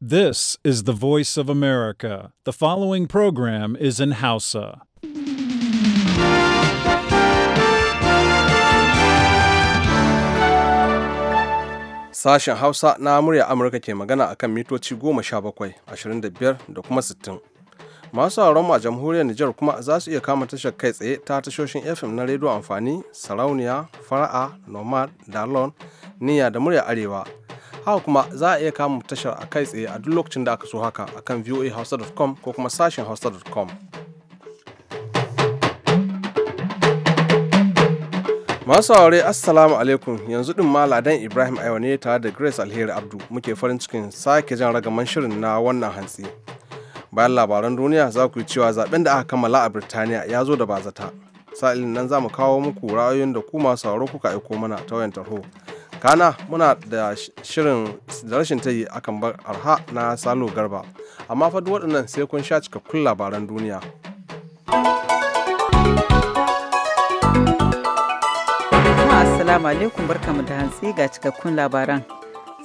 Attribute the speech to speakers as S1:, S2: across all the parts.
S1: This is the voice of America. The following program is in Hausa.
S2: Sashen Hausa na murya Amurka ke magana akan mitoci goma sha bakwai, ashirin da biyar da kuma sittin. Masu mu a jamhuriyar Nijar kuma za su iya kama tashar kai tsaye ta tashoshin FM na rediyo amfani, sarauniya, fara'a, nomad, dalon, niya da murya arewa. haka kuma za a iya kama tashar a kai tsaye a duk lokacin da aka so haka akan voahausa.com ko kuma sashen hausa.com masu aure assalamu alaikum yanzu din ma ladan ibrahim aiwa ne tare da grace alheri abdu muke farin cikin sake jan ragaman shirin na wannan hantsi bayan labaran duniya za ku yi cewa zaben da aka kammala a birtaniya ya zo da bazata sa'ilin nan za mu kawo muku ra'ayoyin da ku masu sauro kuka aiko mana ta wayan tarho kana muna da shirin rashin tayi akan bar arha na salo garba amma fa duk waɗannan sai kun sha cikakkun labaran duniya
S3: Assalamu alaikum barkamu da hantsi ga cikakkun labaran.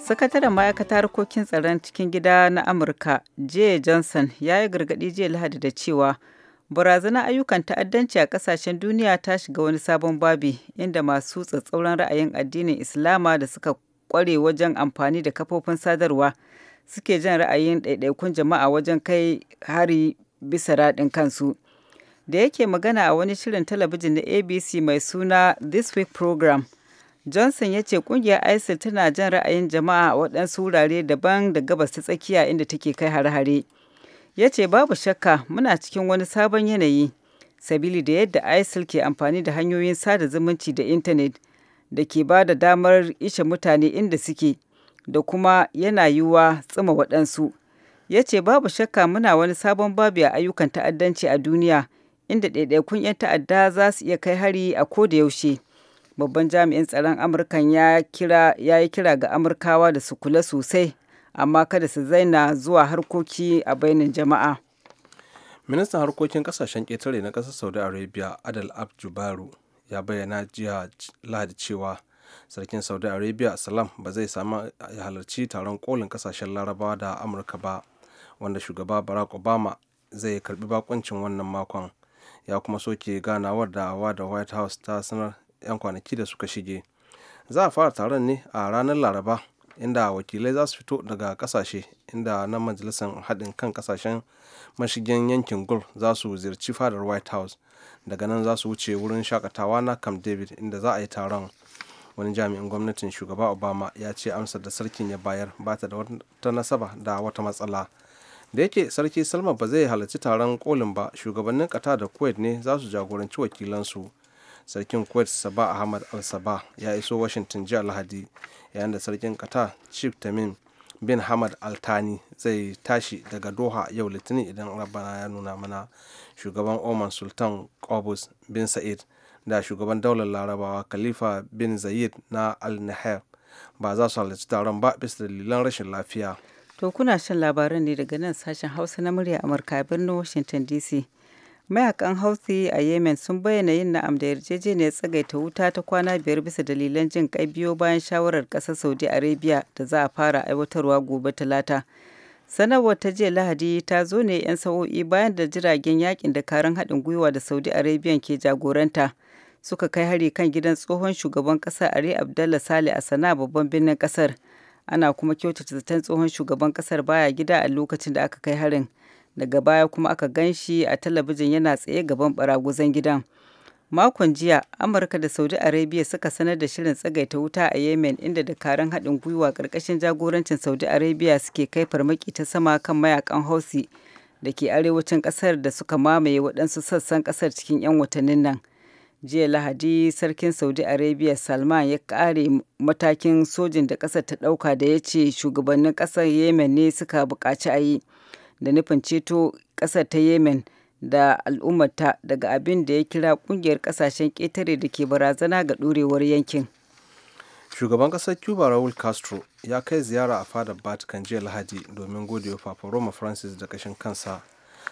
S3: Sakataren ma'aikatar harkokin tsaron cikin gida na Amurka, Jay Johnson, ya yi gargaɗi jiya Lahadi da cewa Barazanar ayyukan ta'addanci a kasashen duniya ta shiga wani sabon babi inda masu tsatsauran ra'ayin addinin Islama da suka kware wajen amfani da kafofin sadarwa suke jan ra'ayin ɗaiɗaikun jama'a wajen kai hari bisa raɗin kansu. Da yake magana a wani shirin talabijin na ABC mai suna This Week Program, Johnson ya ce kungiyar ISIL tana jan ra'ayin jama'a a waɗansu wurare daban da gabas ta tsakiya inda take kai har hare ya ce babu shakka muna cikin wani sabon yanayi sabili da yadda isil ke amfani da hanyoyin sada zumunci da intanet da ke ba da damar ishe mutane inda suke da kuma yana yiwuwa tsima waɗansu ya ce babu shakka muna wani sabon babu a ayyukan ta'addanci a duniya inda ɗaiɗaikun 'yan ta'adda za su iya kai hari a ko da yaushe babban jami'in tsaron amurkan ya kira ga amurkawa da su kula sosai amma kada su zaina zuwa harkoki a bainin jama'a ministan harkokin kasashen ƙetare na ƙasar saudi arabia adal
S2: abdubaru ya bayyana jiya lahadi cewa sarkin saudi arabia salam ba zai sami ya halarci taron kolin ƙasashen larabawa da amurka ba wanda shugaba barack obama zai karbi bakoncin wannan makon ya kuma soke ganawar da da white house ta sanar 'yan kwanaki da suka shige za a fara taron ne a ranar laraba inda wakilai za su fito daga kasashe inda na majalisar haɗin kan kasashen mashigin yankin gul za su ziyarci fadar white house daga nan za su wuce wurin shakatawa na camp david inda za a yi taron wani jami'in gwamnatin shugaba obama ya ce amsar da sarkin ya bayar ba ta da wata nasaba da wata matsala da yake sarki salma ba zai halarci taron kolin ba shugabannin kata da kuwait ne za su jagoranci wakilansu sarkin kuwait sabah ahmad al sabah ya iso washington jiya lahadi yayin da sarkin kata chief tamim bin hamad al altani zai tashi daga doha yau litinin idan rabana ya nuna mana shugaban oman sultan qobus bin sa'id da shugaban daular larabawa khalifa bin zayed na al ba za su halarci taron ba bisa dalilan rashin lafiya
S3: to kuna shan labaran ne daga nan sashen hausa na murya amurka birnin washington dc mayakan houthi a yemen sun bayyana yin na'am da yarjejeniyar tsagaita wuta ta kwana biyar bisa dalilan jin kai biyo bayan shawarar kasar saudi arabia da za a fara aiwatarwa gobe talata sanarwar ta jiya lahadi ta zo ne 'yan sa'o'i bayan da jiragen yakin da karan haɗin gwiwa da saudi arabia ke jagoranta suka kai hari kan gidan tsohon shugaban ƙasar ari abdallah sale a sana'a babban birnin kasar ana kuma kyautata zaton tsohon shugaban kasar baya gida a lokacin da aka kai harin daga baya kuma aka gan shi a talabijin yana tsaye gaban baraguzan gidan makon jiya amurka da saudi arabia suka sanar da shirin tsagaita wuta a yemen inda dakarun haɗin gwiwa ƙarƙashin jagorancin saudi arabia suke kai farmaki ta sama kan mayakan hausi da ke arewacin ƙasar da suka mamaye waɗansu sassan ƙasar cikin 'yan watannin nan jiya lahadi sarkin saudi arabia salman ya ƙare matakin sojin da ƙasar ta ɗauka da ya ce shugabannin ƙasar yemen ne suka buƙaci a yi da nufin ceto ƙasar ta yemen da al'ummata daga abin da ya kira kungiyar ƙasashen ƙetare da ke barazana ga ɗorewar yankin shugaban ƙasar cuba raul
S2: castro ya kai ziyara a fadar vatican jiya lahadi domin wa papa roma francis da kashin kansa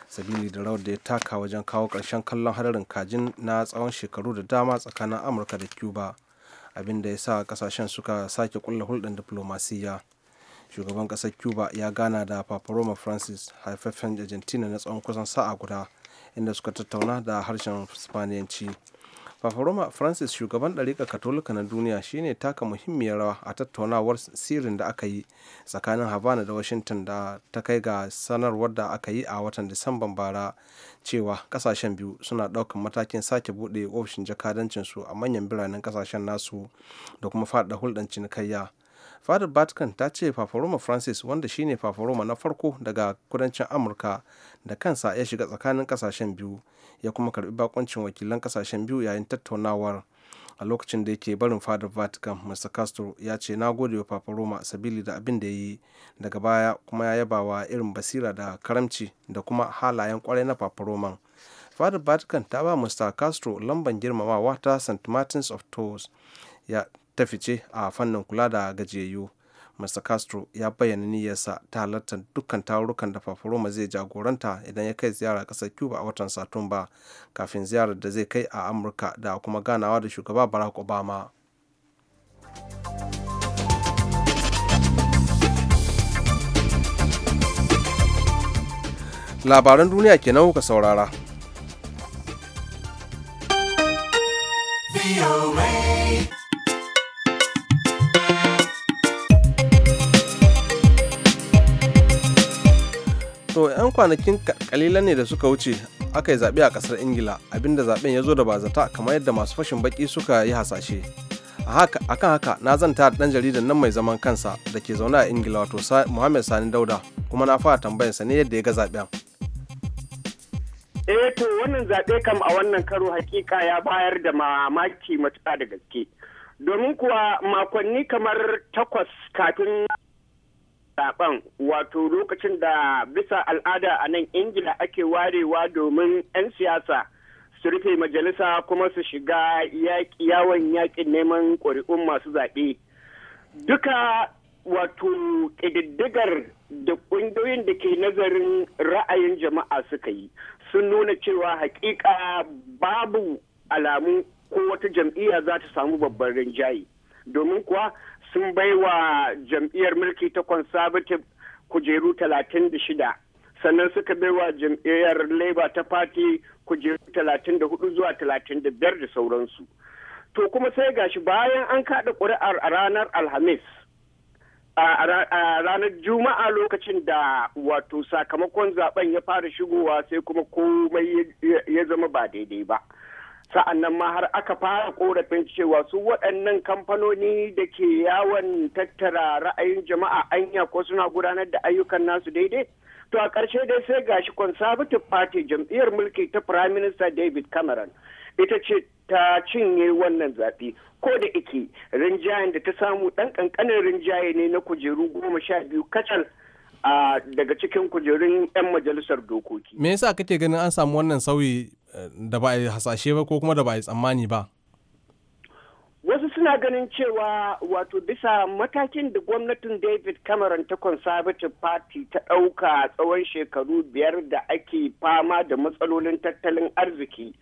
S2: sabili da rawar da ya taka wajen kawo ƙarshen kallon hadarin kajin na tsawon shekaru da dama tsakanin amurka da cuba abin da ya sa ƙasashen suka sake kulla hulɗar diflomasiyya shugaban kasar cuba ya gana da paparoma francis haifafen argentina na tsawon kusan sa'a guda inda suka tattauna da harshen spaniyanci paparoma francis shugaban ɗariƙa katolika na duniya shine taka muhimmiyar rawa a tattaunawar sirrin da aka yi tsakanin havana da washington da ta kai ga sanarwar da aka yi a watan disamban bara cewa kasashen biyu suna ɗaukan matakin sake buɗe ofishin jakadancinsu a manyan biranen kasashen nasu da kuma faɗa hulɗar cinikayya fadar vatican ta ce fafaroma francis wanda shine fafaroma na farko daga kudancin amurka da kansa ya shiga tsakanin kasashen biyu ya kuma karbi bakoncin wakilan kasashen biyu yayin tattaunawar a lokacin da yake barin fadar vatican mr castro ya ce na gode wa roma sabili da abin da ya yi daga baya kuma ya yaba wa irin basira da karamci da kuma halayen kwarai na fafaroman fadar vatican ta ba mr castro lamban girmamawa ta st martins of tours ta fice a fannin kula da gajiyayyu mr castro ya bayyana niyyarsa ta halarta dukkan tarurrukan da faforoma zai jagoranta idan ya kai ziyara kasar cuba a watan satumba kafin ziyarar da zai kai a amurka da kuma ganawa da shugaba barack obama labaran duniya kenan kuka saurara. To 'yan kwanakin kalilan ne da suka wuce aka yi zaɓe a ƙasar Ingila abinda zaɓen ya zo da bazata kamar yadda masu fashin baƙi suka yi hasashe. A kan haka na zanta da ɗan jaridan nan mai zaman kansa da ke zaune a Ingila wato Muhammad Sani Dauda kuma na fara tambayar ne yadda ya ga zaɓen.
S4: Eh to wannan zaɓe kam a wannan karo hakika ya bayar da mamaki matuƙa da gaske. Domin kuwa makonni kamar takwas kafin zaben wato lokacin da bisa al'ada a nan ingila ake warewa domin 'yan siyasa su rufe majalisa kuma su shiga yawon yakin neman ƙuri'un masu zaɓe duka wato ƙididdigar da ƙungiyoyin da ke nazarin ra'ayin jama'a suka yi sun nuna cewa haƙiƙa babu alamu ko wata jam'iyya za ta samu babban rinjaye domin kuwa sun bai wa jam'iyyar mulki ta conservative kujeru talatin sannan suka baiwa jam'iyyar labour ta party kujeru talatin zuwa talatin da da sauransu to kuma sai gashi bayan an kaɗa ƙuri'ar a ranar alhamis a ranar juma'a lokacin da wato sakamakon zaben ya fara shigowa sai kuma komai ya zama ba daidai ba sa'an nan ma har aka fara korafin cewa su waɗannan kamfanoni da ke yawon tattara ra'ayin jama'a anya ko suna gudanar da ayyukan nasu daidai to a ƙarshe dai sai gashi conservative party jam'iyyar mulki ta prime minister david cameron ita ce ta cinye wannan zaɓe ko da ike rinjayen da ta samu ɗan ƙanƙanin rinjaye ne na kujeru goma sha biyu kacal daga cikin kujerun 'yan majalisar dokoki
S2: me yasa kake ganin an samu wannan sauyi da ba a yi hasashe ba ko kuma da ba a yi tsammani ba
S4: wasu suna ganin cewa wato bisa matakin da gwamnatin david cameron ta conservative party ta ɗauka tsawon shekaru biyar da ake fama da matsalolin tattalin arziki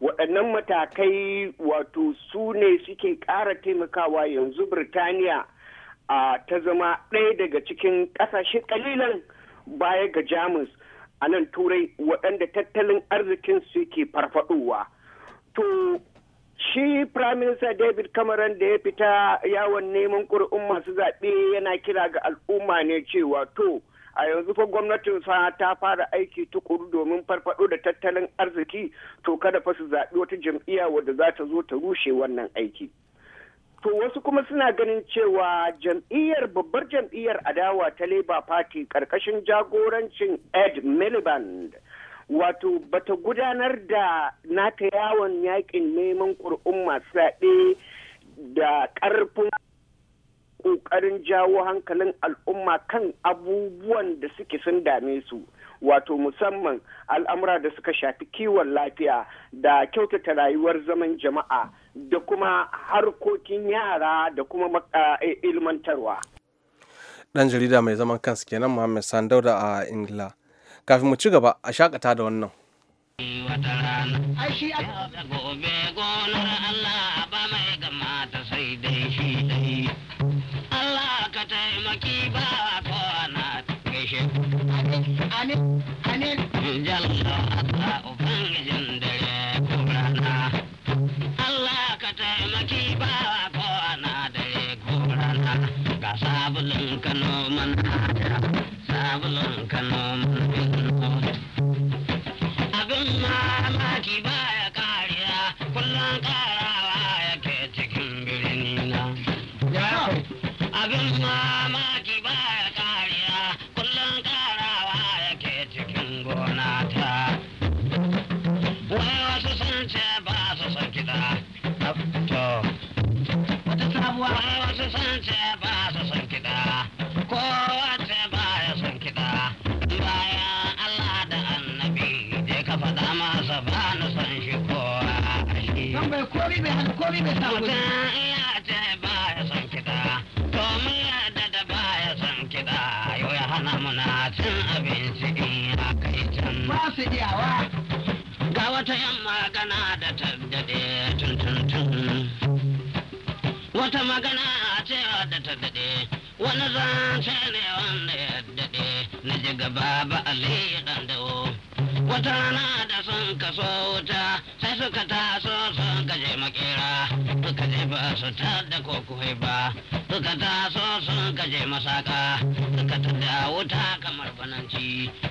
S4: waɗannan matakai wato su ne suke ƙara taimakawa yanzu birtaniya ta zama ɗaya daga cikin ƙasashe ƙalilan baya ga jamus a nan turai waɗanda tattalin arzikinsu ke farfaɗowa to shi prime minister david cameron da ya fita yawon neman ƙuri'un masu zaɓe yana kira ga al'umma ne cewa to a yanzu fa gwamnatin sa ta fara aiki tukuru domin farfaɗo da tattalin arziki to kada fa su zaɓi wata jam'iyya wadda za ta zo ta rushe wannan aiki To wasu kuma suna ganin cewa jam'iyyar babbar jam'iyyar adawa ta Labour Party karkashin jagorancin Ed Miliband wato bata gudanar da nata yawon yakin neman ƙuri'un masu zaɓe da ƙarfin ƙoƙarin jawo hankalin al'umma kan abubuwan da suke sun dame su. wato musamman al'amura da suka shafi kiwon lafiya da kyautata rayuwar zaman jama'a da kuma harkokin yara da kuma eh, ilmantarwa.
S2: ɗan jarida mai zaman kansu kenan Muhammad Sandauda a Ingila. Kafin mu ci gaba a shakata da wannan. Allah
S4: ka taimaki ba amin amin jalla Allah ubangijin dare ko rana Allah ka taimaki bawa ko na dare
S1: ko rana ga sabulun Kano mana sabulun Kano mana wata yan magana da taddade tun tun tun wata magana a cewa da daɗe wani zance ne wanda ya daɗe na ji gaba ba ali dan dawo wata rana da sun kaso wuta sai suka taso sun kaje makera suka je ba su da kokuhai ba suka taso sun kaje masaka suka tada wuta kamar bananci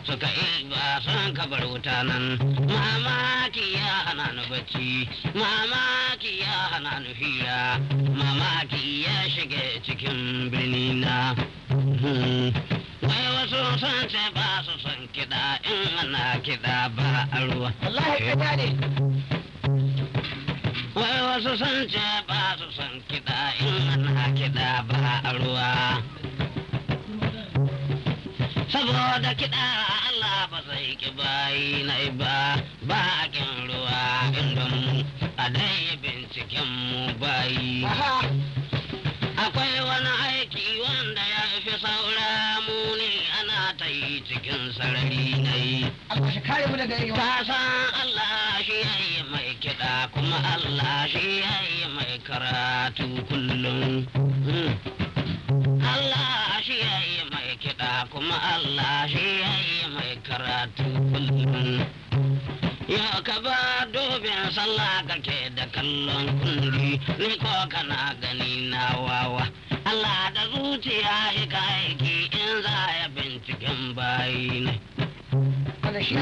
S1: suka ba sun kabar wuta nan mamaki ya hana ni bacci mamaki ya hana ni hira mamaki ya shige cikin birni na hmm. su san ce ba su san kiɗa in ana kiɗa ba a ruwa. Wallahi kiɗa ne. Wai wasu san ce ba su san kiɗa in ana kiɗa ba a ruwa. Saboda kiɗa Allah ba zai ki bayi na ba ba a kin ruwa in don a dai binciken mu bayi. cikin sarari na yi. Ta Allah shi ya yi mai kiɗa kuma Allah shi ya yi mai karatu kullum. Hmm. Allah shi ya yi mai kiɗa kuma Allah shi ya yi mai karatu kullum. Yau ka ba dubin sallah kake da kallon kundi, ni ko kana gani na wawa. Allah da zuciya shi ka aiki in za ya binciken bayi ne.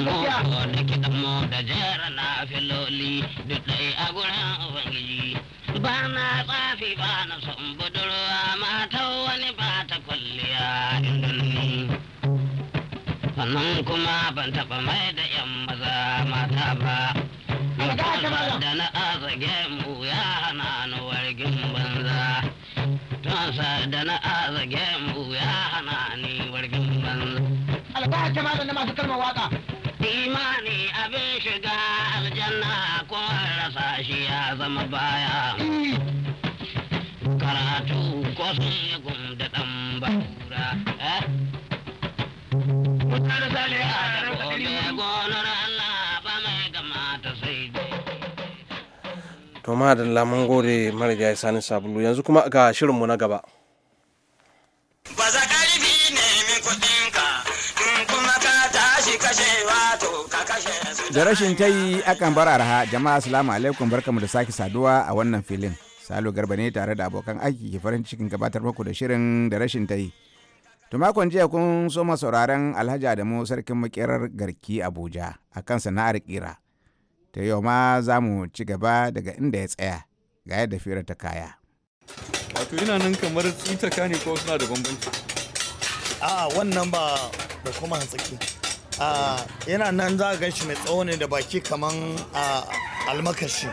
S1: Moko da mu da jera na filoli duk ɗai a gurin Ubangiji. Ba na tsafi ba na son budurwa matan wani ba ta kwalliya ni. Sannan kuma ban taɓa mai da ‘yan maza mata ba. Da na azage masa da na azage mu ni wargin banza. Albaha jama'a da masu kalmar waka. Imani abin shiga aljanna ko ya zama baya. Eh. Karatu ko eh? Allah.
S2: to madalla mun gode marigayi sani sabulu yanzu kuma ga shirinmu na gaba
S4: da rashin ta yi akan bar arha jama'a salamu alaikum barkamu da sake saduwa a wannan filin salo garba ne tare da abokan aiki ke farin cikin gabatar muku da shirin da rashin ta yi To makon jiya kun soma sauraren Alhaji Adamu sarkin makerar garki Abuja a kan sana'ar kira ta yau ma za mu ci gaba daga inda ya tsaya ga yadda fira ta kaya
S5: wato yana nan kamar ka ne ko suna da bambanci
S6: a wannan ba da kuma hantsaki a yana nan za a gashi mai tsawo ne da baki kaman almakashi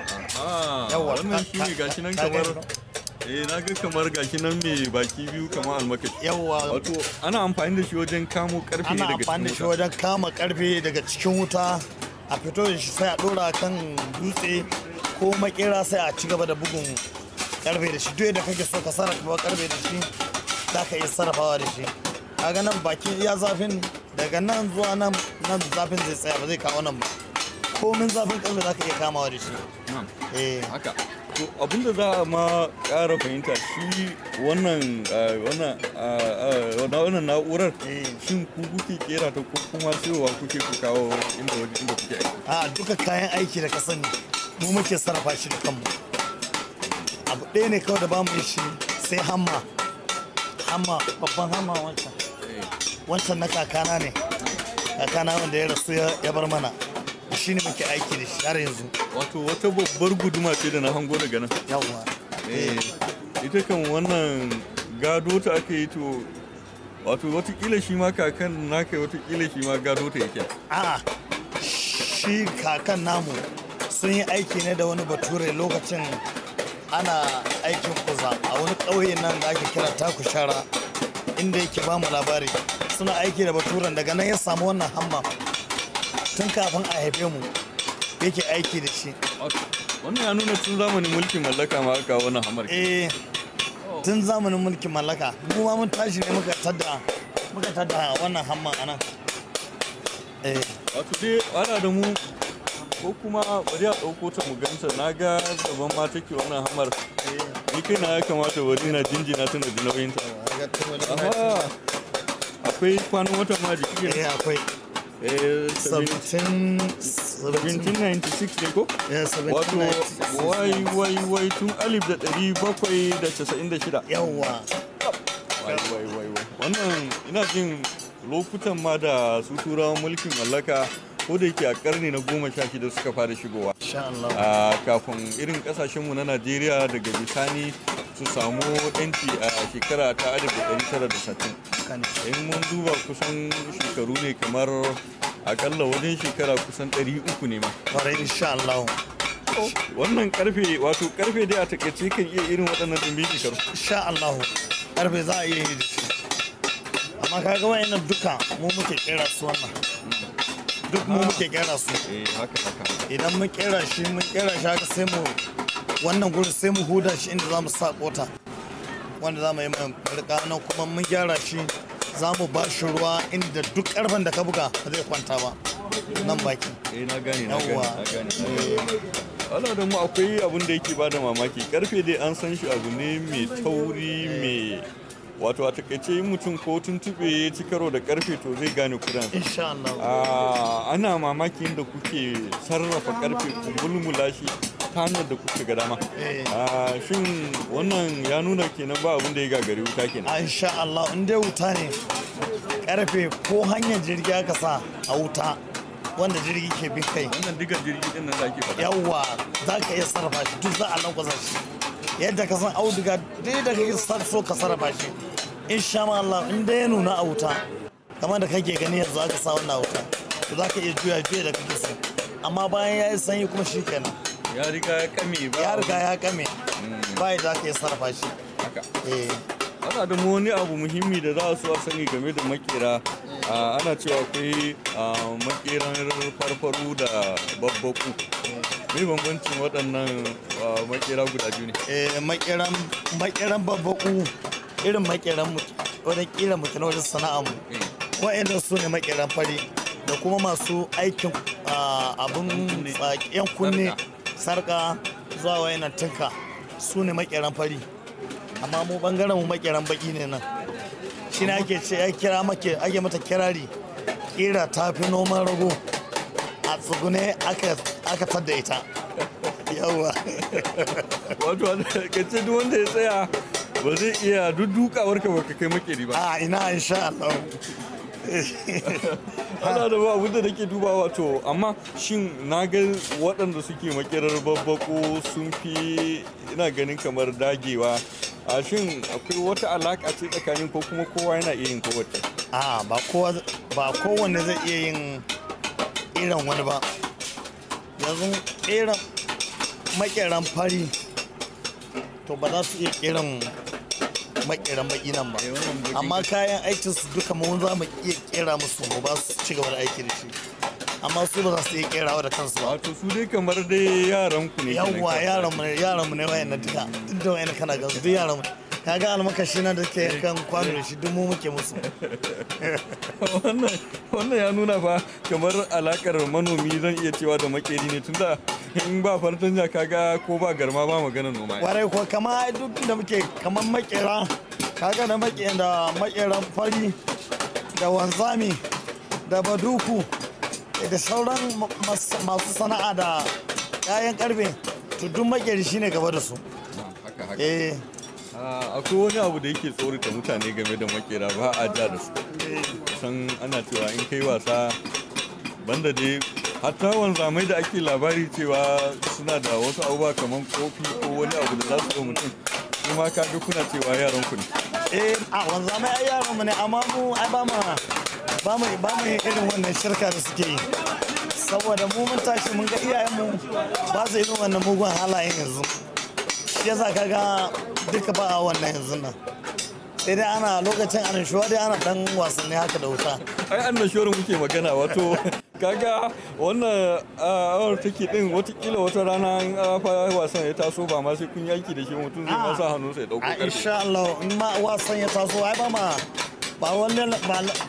S6: yawa wannan shi ne gashi nan kamar
S5: eh na ga kamar gashi nan mai baki biyu kamar almakashi yawa wato ana amfani da shi wajen kamo karfe daga cikin wuta ana amfani da shi wajen
S6: kama karfe daga cikin wuta a fito da shi sai a dora kan dutse ko makera sai a ci gaba da bugun karfe da shi duk da kake so ka sarrafa karfe da shi za ka iya sarrafawa da shi kaga nan bakin iya zafin daga nan zuwa nan nan zafin zai tsaya ba zai kawo nan ba komin zafin karfe za ka iya kamawa da shi eh haka
S5: abinda za a ma kara fahimta shi wannan eh, eh, eh, wannan na'urar shin ku kuke kera ta ko kuma cewa kuke ku kawo inda waje inda kuke aiki
S6: a duka kayan aiki da ka sani mu muke sarrafa shi da kanmu abu ɗaya ne kawai da ba mu shi sai hamma hamma babban hamma wancan wancan na kakana ne kakana wanda ya rasu ya bar mana shi ne muke aiki da shi har yanzu wato wata babbar guduma ce da na
S5: hango daga nan yawwa eh, ita kan wannan gado ta aka yi to wato watakila shi ma kakan naka watakila shi ma gado ta yake
S6: a'a shi kakan namu sun yi aiki ne da wani bature lokacin ana aikin kuza a wani ƙauye nan da ake kira taku shara inda yake ba mu labari suna aiki da baturen daga nan ya samu wannan hamma tun kafin a haife mu yake aiki da shi wannan ya nuna tun
S5: zamanin mulkin mallaka ma aka wannan hamar
S6: eh tun zamanin mulkin mallaka mu ma mun tashi ne muka tadda muka tadda wannan hamman anan
S5: eh wato dai wala da mu ko kuma bari a dauko ta mu ganta na ga daban ma take wannan hamar eh. ni kai na ya kamata bari na jinjina tun da nauyin ta akwai kwanan wata ma jiki Eh, akwai 1796 ne ko? wai wai tun alif da bakwai da da shida wannan ina jin lokutan ma da su turawan mulkin mallaka ko da yake a karni na goma sha shida suka fara shigowa a kafin irin kasashenmu na najeriya daga bisani su samu yanci a shekara ta alif ɗari tara da satin haka ne in mun duba kusan shekaru ne kamar akalla wajen shekara kusan 300 ne ma kwarai insha Allah oh. wannan karfe wato karfe dai a takaice kan iya irin waɗannan dimbin shekaru insha Allah karfe za a iya yi da shi
S6: amma kaga wayannan duka mu muke kera su wannan duk mu muke
S5: kera su eh,
S6: idan mun kera shi mun kera shi haka sai mu wannan gurin sai mu huda shi inda za mu sa kota wanda za mu yi mai kuma mun gyara shi za mu ba shi ruwa inda duk karfen da ka buga ba zai kwanta ba nan baki eh, na gane na na eh. ana da mu akwai abin da yake
S5: bada mamaki karfe dai an san shi abu ne mai tauri mai wato a takaice mutum ko tuntube ya ci karo da karfe to zai gane kuran ah, ana mamaki da kuke sarrafa karfe ku mulmula shi ta hanyar da kuka ga dama eh. ah, shin wannan ya nuna kenan ba abin da ya gagari wuta kenan ah,
S6: insha Allah in dai wuta ne karfe ko hanyar jirgi aka sa a wuta wanda jirgi ke bin kai wannan digar jirgi din nan zaki faɗa yawa zaka iya sarrafa shi duk za a lankwasa shi yadda ka san auduga dai da kake so ka sarrafa shi insha Allah in dai ya nuna a wuta kamar da kake gani yanzu aka sa wannan wuta za ka iya juya juya da kake so amma bayan ya yi sanyi kuma shi kenan ya riga ya kame ba ya riga ya kame hmm. ba ya za ka yi sarrafa shi eh. ana da wani abu
S5: muhimmi da za su sani game da makera ah, ana cewa akwai ah, makeran farfaru da babbaku me bambancin waɗannan ah,
S6: makera guda biyu ne eh makeran babbaku irin makeran mutu wajen kira mutu na wajen sana'ar mu hmm. wa'annan su ne makeran fari da kuma masu aikin abin yan kunne sarka zuwa yana tinka su ne makeran fari amma mu bangaren mu makeran baki ne nan shi ne ake ce ya kira make ake mata kirari kira ta fi noman rago a tsugune aka tadda ita yawa
S5: wato ka ce duk wanda ya tsaya ba zai iya duk dukawar ka baka kai makeri
S6: ba a ina insha Allah
S5: ana da ba abinda nake dubawa to amma shin na ga waɗanda suke makirar babbako sun fi ina ganin kamar dagewa a shin akwai wata alaƙa ce tsakanin ko kuma
S6: kowa yana iya yin kowace a ba kowanne zai iya yin irin wani ba yanzu irin makiran fari to ba za su iya irin makera baki nan ba eh, amma kayan aikin su duka mun za mu iya kera musu mu ba su ci gaba da aiki da shi amma su ba za su iya kerawa da kansu ba wato su dai kamar dai yaran ku ne yawwa yaran mu ne yaran mu ne wayannan duka duk da wayannan kana ga su yaran mu ka ga almakashi na da ke kan kwano shi duk mu muke musu
S5: wannan ya nuna fa kamar alakar manomi zan iya cewa da makeri ne tunda in ba ka kaga ko ba garma ba magana noma warai ko
S6: kama duk da muke kamar makera kaga da make da makeran fari da wanzami da baduku da sauran masu sana'a da kayan karfe to duk makeri shine gaba da su eh
S5: Ah, akwai wani abu da yake tsorata mutane game da makera ba a ja da su san ana cewa in kai wasa banda dai hatta wanzamai da ake labari cewa suna da wasu abubuwa kamar kofi ko wani abu da za su ga mutum kuma ka ga kuna cewa yaran ku ne
S6: eh a wanzamai ai yaran mu ne amma mu ai ba mu ba mu ba mu irin wannan shirka da suke yi saboda mu mun tashi mun ga iyayen mu ba su irin wannan mugun halayen yanzu shi yasa kaga duka ba a wannan yanzu nan sai dai ana lokacin annashuwa dai ana dan wasanni haka da wuta ai annashuwar muke magana wato kaga
S5: wannan awar take din watakila wata rana in fa wasan ya taso ba ma sai kun yaki da shi mutum zai masa hannu sai dauko karfi insha
S6: Allah in ma wasan ya taso ai ba ma ba wannan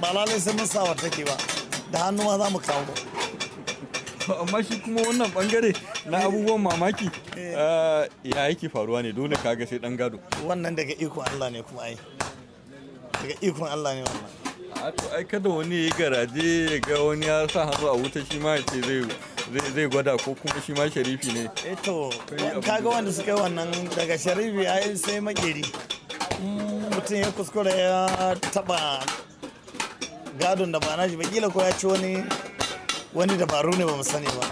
S6: ba lalai sai mun sa wata take ba da hannu ma za mu kawo amma shi kuma wannan bangare na abubuwan mamaki eh,
S5: ya yake faruwa ne dole kaga sai dan gado
S6: wannan daga ikon Allah ne kuma ai daga ikon Allah ne wannan
S5: a to ai kada wani ya garaje ya ga wani ya sa hannu a wuta shi ma ya ce zai zai gwada ko kuma shi ma sharifi ne
S6: eh to kaga wanda suka yi wannan daga sharifi ai sai makeri mm, mutum ya kuskura ya taba gadon da ba na shi ba kila ko ya ci wani wani dabaru ne ba mu sani ba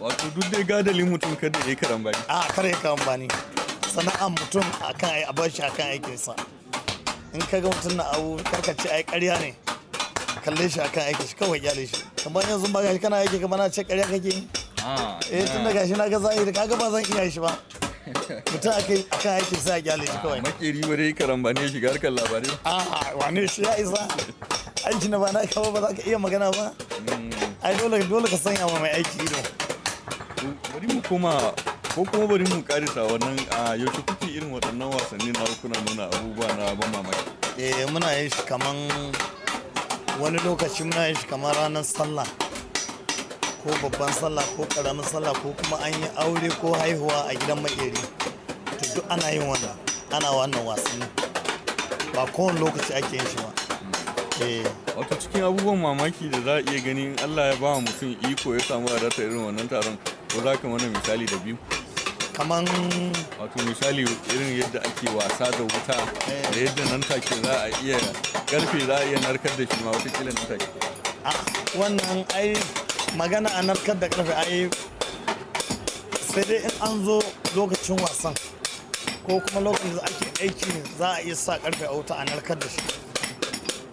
S5: wato duk dai gadalin
S6: mutum kada ya yi bani a kar ya karambani sana'an mutum a kan ai kan aikin sa. in ka ga mutum na abu karka ce ai ƙarya ne kalle shi a kan aikin shi kawai kyale shi kamar yanzu ba gashi kana aiki kamar na ce ƙarya kake ah, eh tun da gashi na ga zahiri kaga ba zan iya shi ba mutum a kan aikin sa a kyale shi ah, kawai
S5: makeri ba dai bani shi shiga harkar labarai a ah,
S6: wane shi ya isa aiki na ba na kawo ba za ka iya magana ba hmm, ai dole dole ka sanya ma mai aiki ido bari mu
S5: koma ko kuma bari mu karisa
S6: wannan a yaushe kuke irin waɗannan wasanni na kuna nuna abubuwa na ban mamaki eh muna yin shi kaman wani lokaci muna yin shi kamar ranar sallah ko babban sallah ko karamin sallah ko kuma an yi aure ko haihuwa a gidan makeri to duk ana yin wannan ana wannan wasanni ba kowane lokaci ake yin shi
S5: ba Eh. wato cikin abubuwan mamaki da za a iya gani allah ya ba mutum iko ya samu ta irin wannan taron ko za ka mana misali da biyu kaman wato misali irin yadda ake wasa da wuta da eh. yadda nan take za a iya karfe za a iya narkar da shi ma wata kila nan take a ah,
S6: wannan ai magana a narkar da karfe ai sai dai in an zo lokacin wasan ko kuma lokacin da ake aiki za a iya sa karfe a wuta a narkar da shi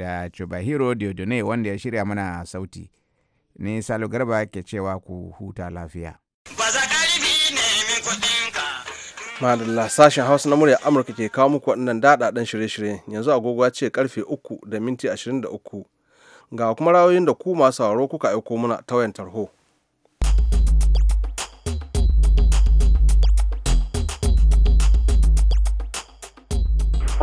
S4: da Chubahiro Diodone wanda ya shirya mana sauti. Ni Salo Garba ke cewa ku huta lafiya.
S2: Madalla sashen Hausa na murya Amurka ke kawo muku waɗannan daɗaɗɗen shirye-shirye yanzu agogo ce karfe uku da minti ashirin da uku ga kuma ra'ayoyin da ku masu sauraro kuka aiko muna ta wayan tarho.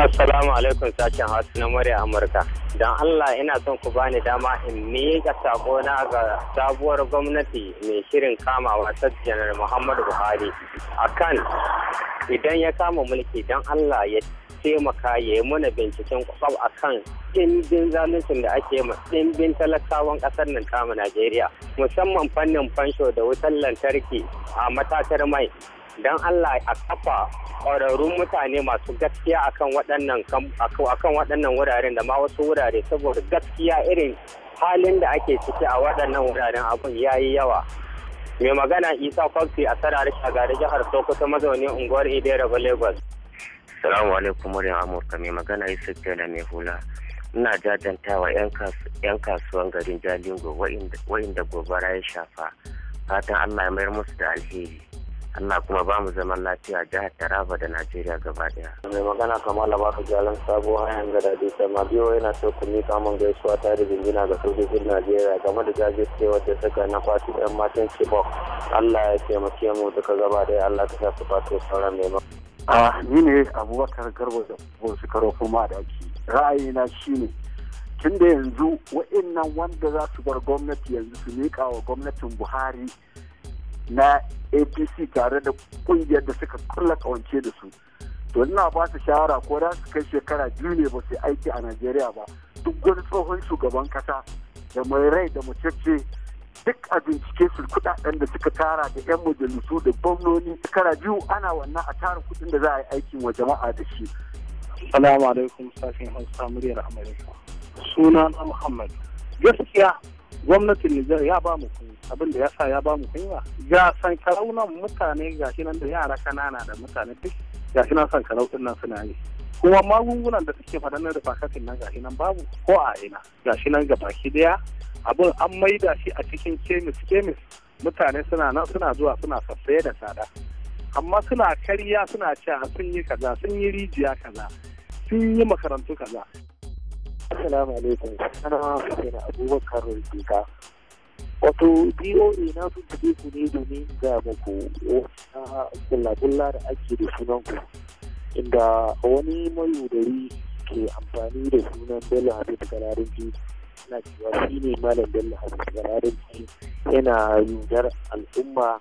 S4: Assalamu alaikum sashen Hausa na murya Amurka. Don Allah ina son ku bani dama in miƙa na ga sabuwar gwamnati mai shirin kama wasar janar Muhammadu Buhari akan idan ya kama mulki don Allah ya taimaka ya yi mana binciken kwab a kan ɗimbin zaluncin da ake ma ɗimbin talakawan ƙasar nan tamu Najeriya musamman fannin fansho da wutar lantarki a matakar mai don Allah a kafa ƙwararrun mutane masu gaskiya akan waɗannan akan waɗannan wuraren da ma wasu wurare saboda gaskiya irin halin da ake ciki a waɗannan wuraren abun ya yi yawa mai magana isa kwamfi a sarari shagari jihar sokoto mazaunin unguwar idera lagos
S7: salamu alaikum amurka mai magana yusuf kenan mai hula ina wa 'yan kasuwan garin jalingo wa'inda gobara ya shafa fatan allah ya mayar musu da alheri Allah kuma ba mu zaman lafiya jihar Taraba da Najeriya gaba daya. Mai magana kama labarin jalan sabo hayan gada da sama biyo yana so ku mika min gaisuwa ta da jingina ga sojojin Najeriya game da jajircewar da saka na kwato yan matan Chibok. Allah ya taimake mu duka gaba daya Allah ta sa su kwato sauran A ni ne Abubakar Garba da Bosu Karo kuma da ake. Ra'ayina shine tun da yanzu wa'innan wanda za su bar gwamnati yanzu su miƙa wa gwamnatin Buhari na apc tare da kungiyar da suka kulla kawance da su to ina ba su shahara ko da su kai shekara biyu ne ba su aiki a najeriya ba duk wani tsohon shugaban kasa da mai rai da mucece duk a bincike su kudaden da suka tara da yan majalisu da gwamnoni shekara biyu ana wannan a tara kudin da za a yi aikin wa jama'a da shi salamu alaikum sashen hausa muryar amurka suna na muhammad gaskiya gwamnatin Nijar ya ba mu kunya abin da ya sa ya ba mu kunya ga sankarau nan mutane ga shi nan da yara kanana da mutane duk ga shi nan sankarau din nan suna yi kuma magungunan da suke faɗa na rufakatin nan ga shi nan babu ko a ina ga shi nan baki daya abin an maida shi a cikin kemis kemis mutane suna nan suna zuwa suna sassaye da sada amma suna karya suna cewa sun yi kaza sun yi rijiya kaza sun yi makarantu kaza Assalamu alaikum. Sana Hussein Abubakar Rufika. Wato DOA na sun tafi ku ne domin ga muku wata bulla-bulla da ake da sunan ku. Inda wani mayudari ke amfani da sunan Bello Habib Gararinci ana cewa shi ne Malam Bello Habib Gararinci yana yunjar al'umma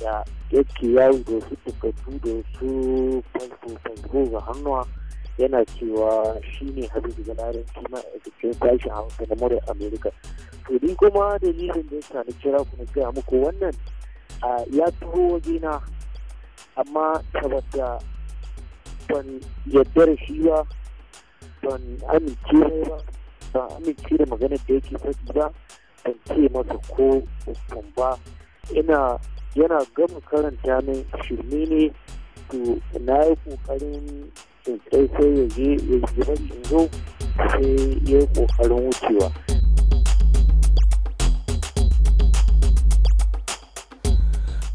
S7: da yake yawo da su takardu da su fasfo-fasfo ga hannuwa yana cewa shi ne habibu galarin shi kima a cikin tashin hausa na mura amerika to ni kuma dalilin da ya na kira kuma na gaya muku wannan ya turo waje na amma tabbata ban yadda da shi ba ban amince ba ban amince da maganar da yake faɗi ba ban ce masa ko ba ina yana gama karanta min shirme ne to na yi ƙoƙarin sosai sai ya je ya ji rashin zo sai ya yi ƙoƙarin wucewa.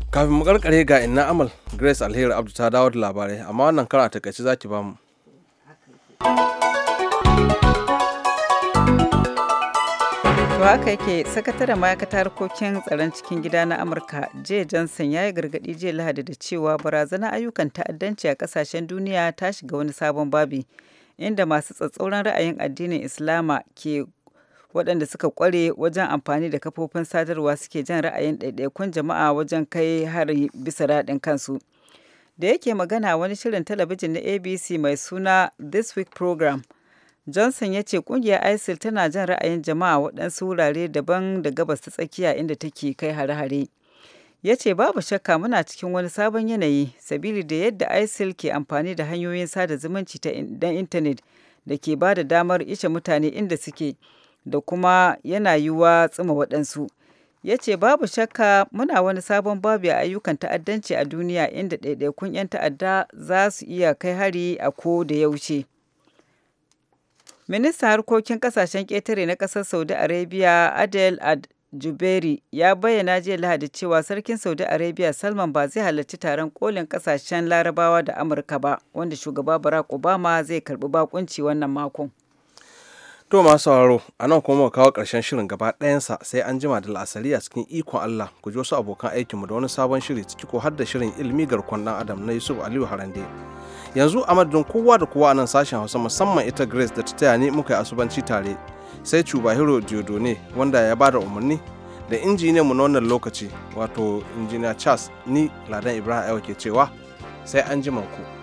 S2: kafin mu karkare ga inna amal grace alheri abdu ta dawo da labarai amma wannan kara takaice zaki bamu. mu
S3: To haka yake sakataren ma'aikatar harkokin tsaron cikin gida na Amurka, Jay Johnson ya yi gargaɗi jiya Lahadi da cewa barazanar ayyukan ta'addanci a ƙasashen duniya ta shiga wani sabon babi, inda masu tsatsauran ra'ayin addinin Islama ke waɗanda suka ƙware wajen amfani da kafofin sadarwa suke jan ra'ayin ɗaiɗaikun jama'a wajen kai hari bisa raɗin kansu. Da yake magana wani shirin talabijin na ABC mai suna This Week Program, Johnson ya ce kungiyar ISIL tana jan ra'ayin jama'a waɗansu wurare daban da gabas ta tsakiya inda take kai hare-hare. Ya ce babu shakka muna cikin wani sabon yanayi sabili da yadda ISIL ke amfani da hanyoyin sada zumunci ta intanet da ke ba da damar ishe mutane inda suke da kuma yana yiwuwa tsuma waɗansu. ya ce babu shakka muna wani sabon babu a ayyukan ta'addanci a duniya inda ɗaiɗaikun 'yan ta'adda za su iya kai hari a ko da yaushe Ministan harkokin kasashen ƙetare na ƙasar Saudi Arabia Adel Ad jubairi ya bayyana jiya Lahadi cewa sarkin Saudi Arabia Salman ba zai halarci taron kolin kasashen Larabawa da Amurka ba, wanda shugaba Barack Obama zai karbi bakunci wannan makon.
S2: To masu sauraro, a nan kuma kawo ƙarshen shirin gaba ɗayansa sai an jima da la'asari a cikin ikon Allah ku ji wasu abokan aikinmu da wani sabon shiri ciki ko har da shirin ilimi garkon ɗan Adam na Yusuf Aliyu Harande. yanzu a madadin kowa da kowa a nan sashen hausa musamman ita grace da ta taya ni muka yi asubanci tare sai cubahiro diodone wanda ya bada umarni da injiniyan mu na wannan lokaci wato injiniya charles ni ladan ibrahim ke cewa sai an ji ku.